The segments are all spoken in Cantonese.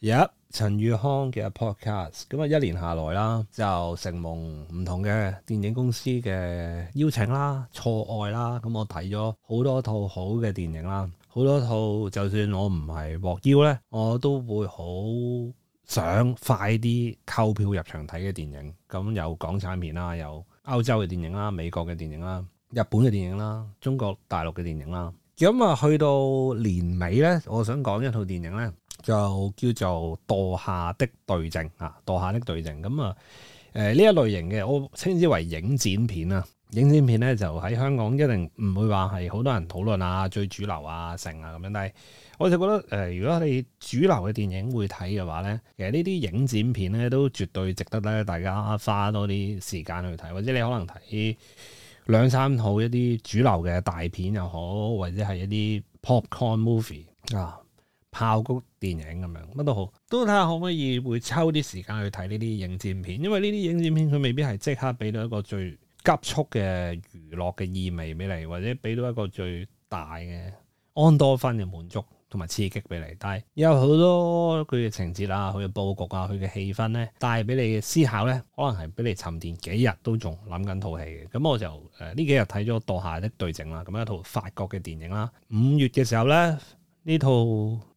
有陳宇康嘅 podcast，咁啊一年下來啦，就承蒙唔同嘅電影公司嘅邀請啦、錯愛啦，咁我睇咗好多套好嘅電影啦，好多套就算我唔係獲邀呢，我都會好想快啲購票入場睇嘅電影。咁有港產片啦，有歐洲嘅電影啦、美國嘅電影啦、日本嘅電影啦、中國大陸嘅電影啦。咁啊，去到年尾呢，我想講一套電影呢。就叫做墮下的對證啊，墮下的對證咁啊，誒、嗯、呢、呃、一類型嘅，我稱之為影展片啊。影展片咧就喺香港一定唔會話係好多人討論啊、最主流啊、成啊咁樣。但係我就覺得誒、呃，如果你主流嘅電影會睇嘅話咧，其實呢啲影展片咧都絕對值得咧大家花多啲時間去睇，或者你可能睇兩三套一啲主流嘅大片又好，或者係一啲 popcorn movie 啊。爆谷電影咁樣乜都好，都睇下可唔可以會抽啲時間去睇呢啲影戰片，因為呢啲影戰片佢未必係即刻俾到一個最急促嘅娛樂嘅意味俾你，或者俾到一個最大嘅安多芬嘅滿足同埋刺激俾你。但係有好多佢嘅情節啊，佢嘅佈局啊，佢嘅氣氛咧，帶俾你嘅思考咧，可能係俾你沉澱幾日都仲諗緊套戲嘅。咁我就誒呢、呃、幾日睇咗《墮下的對證》啦，咁一套法國嘅電影啦。五月嘅時候咧，呢套。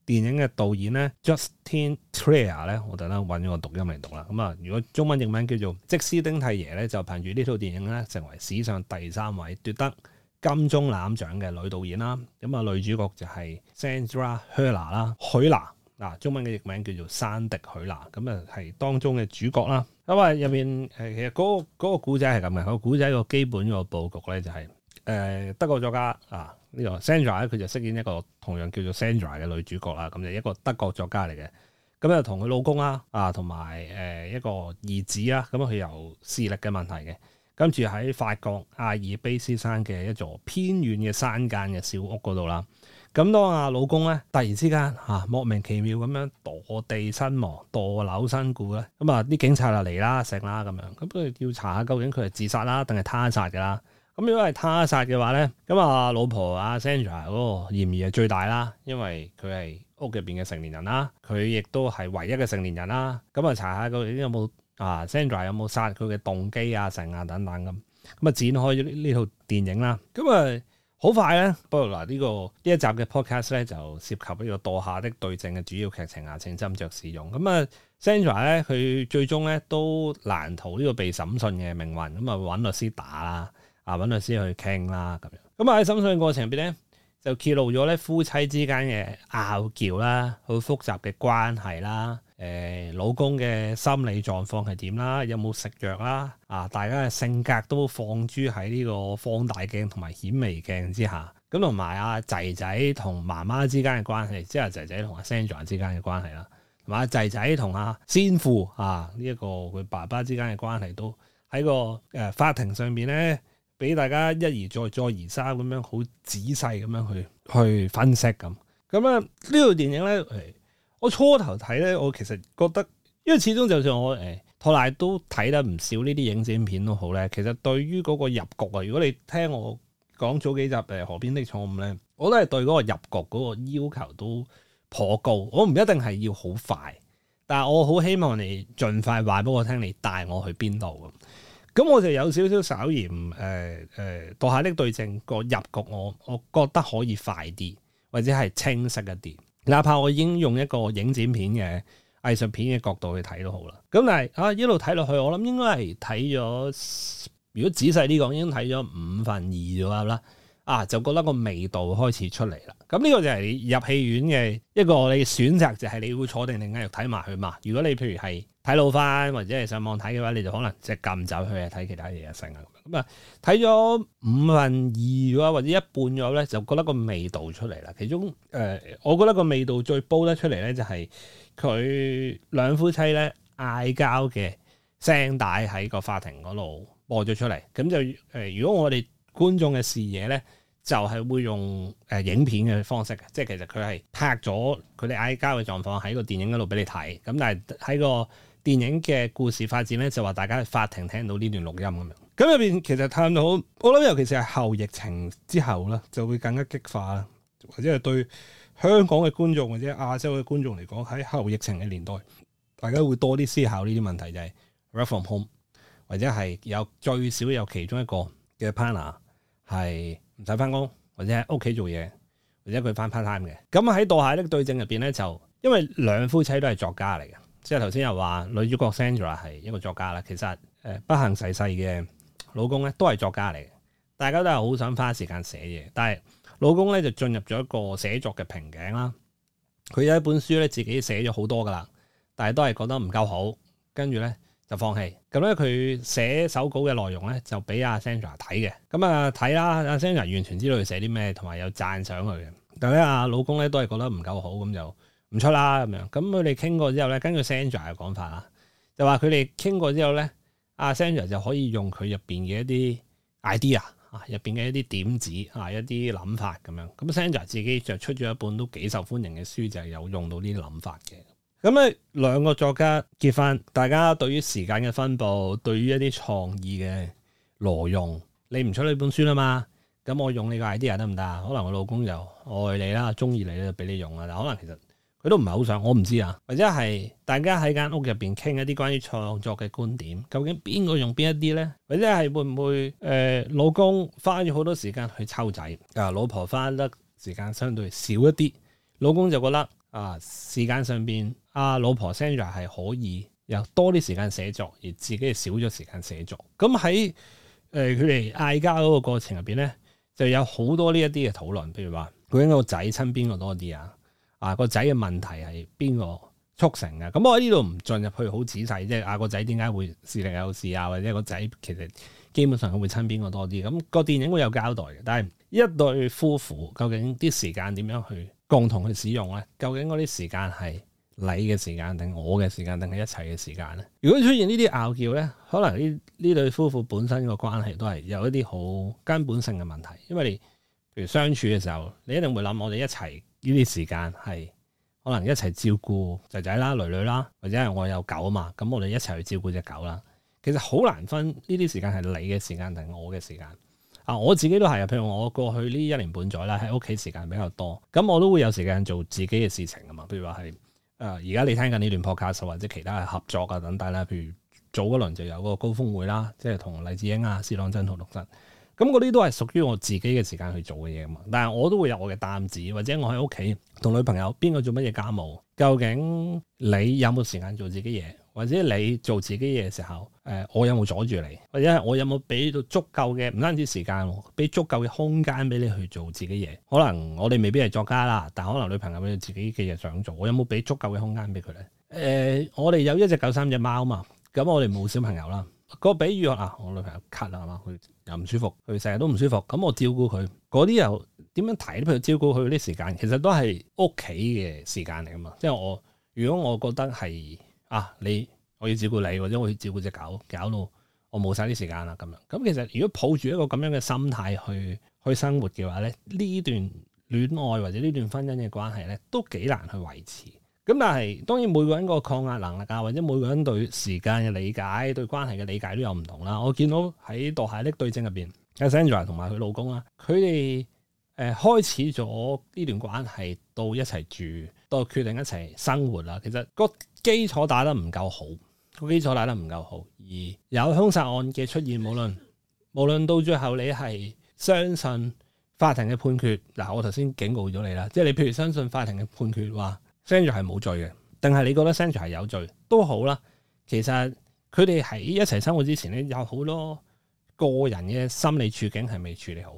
電影嘅導演咧 Justine Triet 咧，我等下揾咗個讀音嚟讀啦。咁啊，如果中文譯名叫做即斯丁泰爺咧，就憑住呢套電影咧，成為史上第三位奪得金鐘攬獎嘅女導演啦。咁啊，女主角就係 Sandra Hüller 啦，許娜，嗱，中文嘅譯名叫做山迪許娜，咁啊係當中嘅主角啦。咁啊入面誒，其實嗰、嗰個古仔係咁嘅，個古仔、個基本個佈局咧就係、是、誒、呃、德國作家啊。呢個 Sandra 咧，佢就飾演一個同樣叫做 Sandra 嘅女主角啦。咁就一個德國作家嚟嘅，咁就同佢老公啦，啊同埋誒一個兒子啦。咁佢有視力嘅問題嘅。跟住喺法國阿爾卑斯山嘅一座偏遠嘅山間嘅小屋嗰度啦。咁當阿老公咧突然之間嚇莫名其妙咁樣墮地身亡、墮樓身故咧，咁啊啲警察就嚟啦、成啦咁樣，咁佢哋調查下究竟佢係自殺啦，定係他殺嘅啦。咁如果係他殺嘅話咧，咁啊，老婆阿 Sandra 嗰個嫌疑係最大啦，因為佢係屋入邊嘅成年人啦，佢亦都係唯一嘅成年人啦。咁啊，查下佢有冇啊，Sandra 有冇殺佢嘅動機啊、成啊等等咁。咁啊，展開咗呢套電影啦。咁啊，好快咧，不過嗱呢個呢一集嘅 Podcast 咧就涉及呢個墮下的對證嘅主要劇情啊，請斟酌使用。咁啊，Sandra 咧，佢最終咧都難逃呢個被審訊嘅命運。咁啊，揾律師打啦。啊！揾律師去傾啦，咁樣咁啊喺審訊過程入邊咧，就揭露咗咧夫妻之間嘅拗撬啦，好複雜嘅關係啦。誒、呃，老公嘅心理狀況係點啦？有冇食藥啦？啊，大家嘅性格都放諸喺呢個放大鏡同埋顯微鏡之下。咁同埋阿仔仔同媽媽之間嘅關係，即係仔仔同阿 Sandra 之間嘅關係啦，同埋仔仔同阿先父啊呢一、這個佢爸爸之間嘅關係，都喺個誒、呃、法庭上邊咧。俾大家一而再、再而三咁樣，好仔細咁樣去去分析咁。咁咧呢套電影咧，我初頭睇咧，我其實覺得，因為始終就算我誒托賴都睇得唔少呢啲影展片都好咧。其實對於嗰個入局啊，如果你聽我講早幾集誒《河邊的錯誤》咧，我都係對嗰個入局嗰個要求都頗高。我唔一定係要好快，但係我好希望你儘快話俾我聽，你帶我去邊度。咁我就有少少稍嫌，誒、呃、誒，墮、呃、下呢對證個入局我，我我覺得可以快啲，或者係清晰一啲。哪怕我已經用一個影展片嘅藝術片嘅角度去睇都好啦。咁但係啊，一路睇落去，我諗應該係睇咗，如果仔細啲、講已經睇咗五分二咗啦。啊，就覺得個味道開始出嚟啦。咁呢個就係入戲院嘅一個你選擇，就係、是、你會坐定定喺度睇埋佢嘛。如果你譬如係睇老翻或者係上網睇嘅話，你就可能即撳走去睇其他嘢先啊。咁啊，睇、嗯、咗五分二咗或者一半咗咧，就覺得個味道出嚟啦。其中誒、呃，我覺得個味道最煲得出嚟咧，就係佢兩夫妻咧嗌交嘅聲帶喺個法庭嗰度播咗出嚟。咁就誒、呃，如果我哋觀眾嘅視野咧。就係會用誒、呃、影片嘅方式嘅，即係其實佢係拍咗佢哋嗌交嘅狀況喺個電影嗰度俾你睇，咁但係喺個電影嘅故事發展咧，就話大家喺法庭聽到呢段錄音咁樣，咁入邊其實探討，我諗尤其是係後疫情之後咧，就會更加激化啦，或者係對香港嘅觀眾或者亞洲嘅觀眾嚟講，喺後疫情嘅年代，大家會多啲思考呢啲問題，就係、是、work from home 或者係有最少有其中一個嘅 partner 係。唔使翻工，或者喺屋企做嘢，或者佢翻 part time 嘅。咁喺墮下呢個對證入邊咧，就因為兩夫妻都係作家嚟嘅，即係頭先又話女主角 Sandra 係一個作家啦。其實誒不幸逝世嘅老公咧都係作家嚟嘅，大家都係好想花時間寫嘢，但係老公咧就進入咗一個寫作嘅瓶頸啦。佢有一本書咧自己寫咗好多噶啦，但係都係覺得唔夠好，跟住咧。就放棄，咁咧佢寫手稿嘅內容咧就俾阿 Sandra 睇嘅，咁啊睇啦，阿 Sandra 完全知道佢寫啲咩，同埋有，有讚賞佢嘅。但係咧阿老公咧都係覺得唔夠好，咁就唔出啦咁樣。咁佢哋傾過之後咧，根據 Sandra 嘅講法啦，就話佢哋傾過之後咧，阿 Sandra 就可以用佢入邊嘅一啲 idea 啊，入邊嘅一啲點子啊，一啲諗法咁樣。咁 Sandra 自己就出咗一本都幾受歡迎嘅書，就係、是、有用到呢啲諗法嘅。咁啊，兩個作家結婚，大家對於時間嘅分佈，對於一啲創意嘅挪用，你唔出呢本書啦嘛，咁我用你個 idea 得唔得啊？可能我老公就愛你啦，中意你咧，就俾你用啊。但可能其實佢都唔係好想，我唔知啊。或者係大家喺間屋入邊傾一啲關於創作嘅觀點，究竟邊個用邊一啲咧？或者係會唔會誒、呃、老公花咗好多時間去湊仔，啊老婆花得時間相對少一啲，老公就覺得。啊！時間上邊，阿、啊、老婆 Sandra 係可以有多啲時間寫作，而自己少咗時間寫作。咁喺誒佢哋嗌交嗰個過程入邊咧，就有好多呢一啲嘅討論。譬如話，究竟個仔親邊個多啲啊？啊個仔嘅問題係邊個促成嘅、啊？咁、嗯、我喺呢度唔進入去好仔細，即係啊個仔點解會視力有事啊？或者個仔其實基本上佢會親邊個多啲？咁、嗯、個、啊、電影都有交代嘅。但係一對夫婦究竟啲時間點樣去共同去使用咧，究竟嗰啲時間係你嘅時間，定我嘅時間，定係一齊嘅時間咧？如果出現呢啲拗撬咧，可能呢呢對夫婦本身個關係都係有一啲好根本性嘅問題。因為你譬如相處嘅時候，你一定會諗，我哋一齊呢啲時間係可能一齊照顧仔仔啦、女女啦，或者係我有狗啊嘛，咁我哋一齊去照顧隻狗啦。其實好難分呢啲時間係你嘅時間定我嘅時間。啊，我自己都係啊，譬如我過去呢一年半載啦，喺屋企時間比較多，咁我都會有時間做自己嘅事情啊嘛。譬如話係，誒而家你聽緊呢段 podcast 或者其他嘅合作啊等等啦，譬如早嗰輪就有嗰個高峰會啦，即係同黎智英啊、司朗珍、陶同真，咁嗰啲都係屬於我自己嘅時間去做嘅嘢啊嘛。但係我都會有我嘅擔子，或者我喺屋企同女朋友邊個做乜嘢家務，究竟你有冇時間做自己嘢？或者你做自己嘢嘅時候，誒、呃，我有冇阻住你？或者我有冇俾到足夠嘅唔單止時間，俾足夠嘅空間俾你去做自己嘢？可能我哋未必係作家啦，但可能女朋友有自己嘅嘢想做，我有冇俾足夠嘅空間俾佢咧？誒、呃，我哋有一隻狗、三隻貓嘛，咁我哋冇小朋友啦。個比喻啊，我女朋友咳啊嘛，佢又唔舒服，佢成日都唔舒服，咁我照顧佢，嗰啲又點樣睇？譬如照顧佢啲時間，其實都係屋企嘅時間嚟噶嘛。即、就、係、是、我如果我覺得係。啊！你我要照顧你，或者我要照顧隻狗，搞到我冇晒啲時間啦。咁樣咁，其實如果抱住一個咁樣嘅心態去去生活嘅話咧，呢段戀愛或者呢段婚姻嘅關係咧，都幾難去維持。咁但係當然每個人個抗壓能力啊，或者每個人對時間嘅理解、對關係嘅理解都有唔同啦。我見到喺《墮下的對證》入邊阿 Sandra 同埋佢老公啦，佢哋。誒開始咗呢段關係，到一齊住，到決定一齊生活啦。其實個基礎打得唔夠好，個基礎打得唔夠好，而有兇殺案嘅出現，無論無論到最後你係相信法庭嘅判決。嗱，我頭先警告咗你啦，即係你譬如相信法庭嘅判決話 Sandra 係冇罪嘅，定係你覺得 Sandra 係有罪都好啦。其實佢哋喺一齊生活之前咧，有好多個人嘅心理處境係未處理好。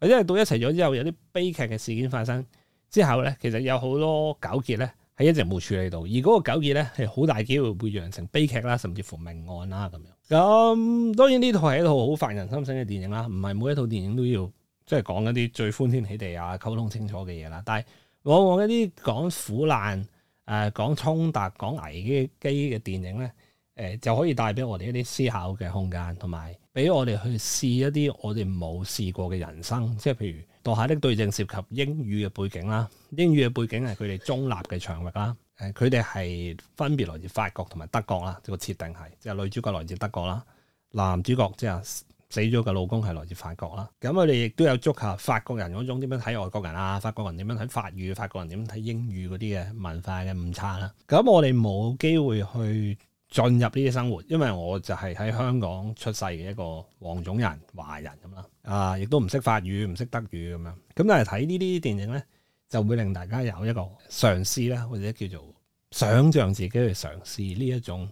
因為到一齊咗之後，有啲悲劇嘅事件發生之後咧，其實有好多糾結咧，係一直冇處理到，而嗰個糾結咧係好大機會會釀成悲劇啦，甚至乎命案啦咁樣。咁、嗯、當然呢套係一套好煩人心聲嘅電影啦，唔係每一套電影都要即係講一啲最歡天喜地啊溝通清楚嘅嘢啦。但係往往一啲講苦難誒、呃、講衝突、講危機嘅電影咧。誒就可以帶俾我哋一啲思考嘅空間，同埋俾我哋去試一啲我哋冇試過嘅人生，即係譬如《墮下的對證》涉及英語嘅背景啦，英語嘅背景係佢哋中立嘅場域啦。誒，佢哋係分別來自法國同埋德國啦。呢個設定係，即係女主角來自德國啦，男主角即係死咗嘅老公係來自法國啦。咁我哋亦都有觸下法國人嗰種點樣睇外國人啊，法國人點樣睇法語，法國人點樣睇英語嗰啲嘅文化嘅誤差啦。咁我哋冇機會去進入呢啲生活，因為我就係喺香港出世嘅一個黃種人、華人咁啦，啊，亦都唔識法語、唔識德語咁樣，咁但係睇呢啲電影咧，就會令大家有一個嘗試啦，或者叫做想像自己去嘗試呢一種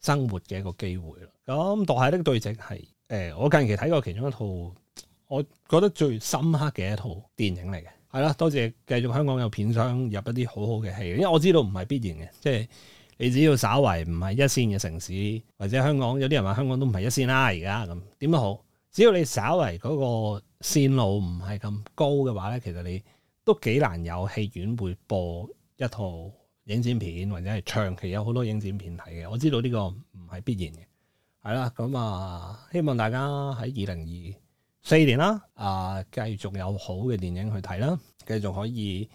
生活嘅一個機會咯。咁墮下的對證係，誒、呃，我近期睇過其中一套，我覺得最深刻嘅一套電影嚟嘅，係啦，多謝繼續香港有片商入一啲好好嘅戲，因為我知道唔係必然嘅，即係。你只要稍為唔係一線嘅城市，或者香港有啲人話香港都唔係一線啦，而家咁點都好，只要你稍為嗰個線路唔係咁高嘅話咧，其實你都幾難有戲院會播一套影展片，或者係長期有好多影展片睇嘅。我知道呢個唔係必然嘅，係啦，咁、嗯、啊，希望大家喺二零二四年啦，啊、呃，繼續有好嘅電影去睇啦，繼續可以。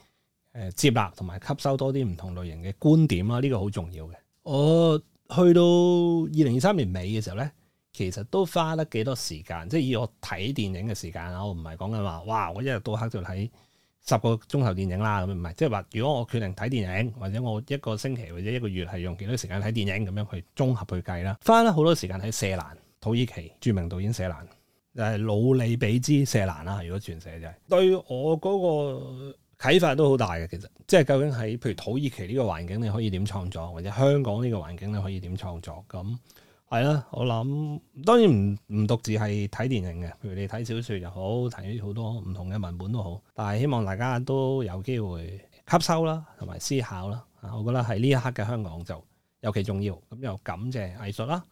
誒，接納同埋吸收多啲唔同類型嘅觀點啦，呢個好重要嘅。我、哦、去到二零二三年尾嘅時候咧，其實都花得幾多時間，即係以我睇電影嘅時間啊，我唔係講緊話哇，我一日到黑就睇十個鐘頭電影啦咁，唔係，即係話如果我決定睇電影，或者我一個星期或者一個月係用幾多時間睇電影咁樣去綜合去計啦，花咗好多時間喺射蘭、土耳其著名導演射蘭，誒，努里比茲射蘭啦，如果全寫就係、是、對我嗰、那個。啟發都好大嘅，其實即係究竟喺譬如土耳其呢個環境你可以點創作，或者香港呢個環境你可以點創作？咁係啦，我諗當然唔唔獨自係睇電影嘅，譬如你睇小說又好，睇好多唔同嘅文本都好。但係希望大家都有機會吸收啦，同埋思考啦。我覺得喺呢一刻嘅香港就尤其重要。咁又感謝藝術啦，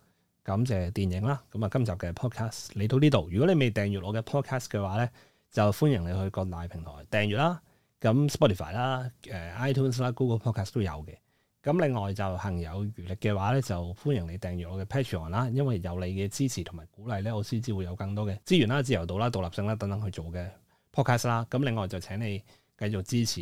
感謝電影啦。咁啊，今集嘅 podcast 嚟到呢度。如果你未訂閱我嘅 podcast 嘅話咧，就歡迎你去各大平台訂閱啦。咁 Spotify 啦、誒 iTunes 啦、Google Podcast 都有嘅。咁另外就行有餘力嘅話咧，就歡迎你訂閱我嘅 Patreon 啦。因為有你嘅支持同埋鼓勵咧，我先至會有更多嘅資源啦、自由度啦、獨立性啦等等去做嘅 podcast 啦。咁另外就請你繼續支持，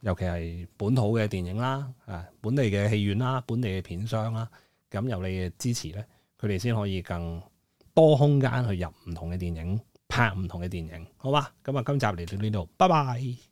尤其係本土嘅電影啦、啊本地嘅戲院啦、本地嘅片商啦。咁有你嘅支持咧，佢哋先可以更多空間去入唔同嘅電影，拍唔同嘅電影，好嗎？咁啊，今集嚟到呢度，拜拜。